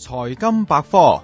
財金百科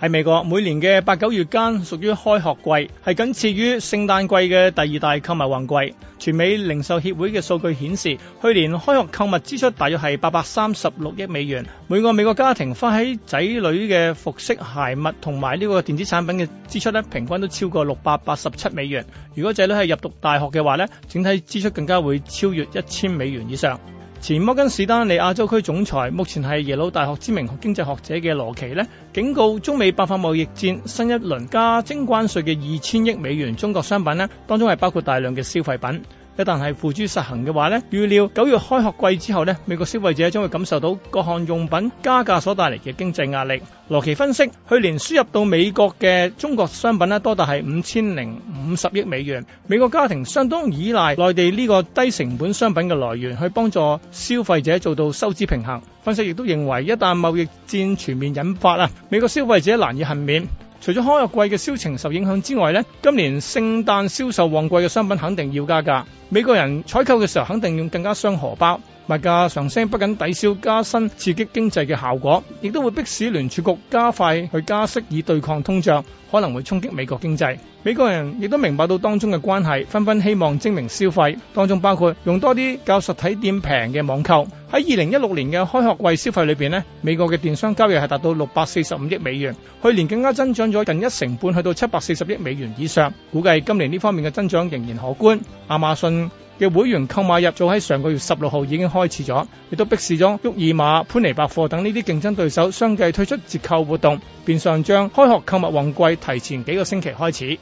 喺美國，每年嘅八九月間屬於開學季，係僅次於聖誕季嘅第二大購物旺季。全美零售協會嘅數據顯示，去年開學購物支出大約係八百三十六億美元。每個美國家庭花喺仔女嘅服飾鞋襪同埋呢個電子產品嘅支出咧，平均都超過六百八十七美元。如果仔女係入讀大學嘅話咧，整體支出更加會超越一千美元以上。前摩根士丹利亞洲區總裁，目前係耶魯大學知名經濟學者嘅羅奇呢，警告中美爆發貿易戰，新一輪加徵關稅嘅二千億美元中國商品呢，當中係包括大量嘅消費品。一旦係付諸實行嘅話咧，預料九月開學季之後咧，美國消費者將會感受到各項用品加價所帶嚟嘅經濟壓力。羅奇分析去年輸入到美國嘅中國商品咧，多達係五千零五十億美元，美國家庭相當依賴內地呢個低成本商品嘅來源，去幫助消費者做到收支平衡。分析亦都認為，一旦貿易戰全面引發啊，美國消費者難以幸免。除咗開學季嘅銷情受影響之外咧，今年聖誕銷售旺季嘅商品肯定要加價。美國人採購嘅時候肯定要更加傷荷包。物價上升不僅抵消加薪刺激經濟嘅效果，亦都會迫使聯儲局加快去加息以對抗通脹，可能會衝擊美國經濟。美國人亦都明白到當中嘅關係，紛紛希望精明消費，當中包括用多啲較實體店平嘅網購。喺二零一六年嘅開學季消費裏邊呢，美國嘅電商交易係達到六百四十五億美元，去年更加增長咗近一成半，去到七百四十億美元以上。估計今年呢方面嘅增長仍然可觀。亞馬遜嘅會員購買日早喺上個月十六號已經開始咗，亦都逼使咗沃爾瑪、潘尼百貨等呢啲競爭對手，相繼推出折扣活動，變相將開學購物旺季提前幾個星期開始。